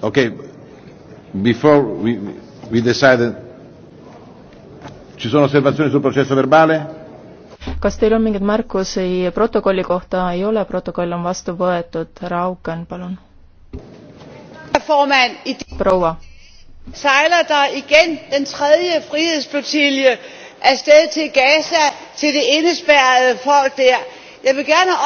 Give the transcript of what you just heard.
Ok, before we, we decide, ci sono osservazioni sul processo verbale? kas teil on mingeid märkusi protokolli kohta? ei ole, protokoll on vastu võetud. härra Auken, palun. proua. sejler der igen den tredje frihedsflotilje afsted til Gaza til det indespærrede folk der. Jeg vil gerne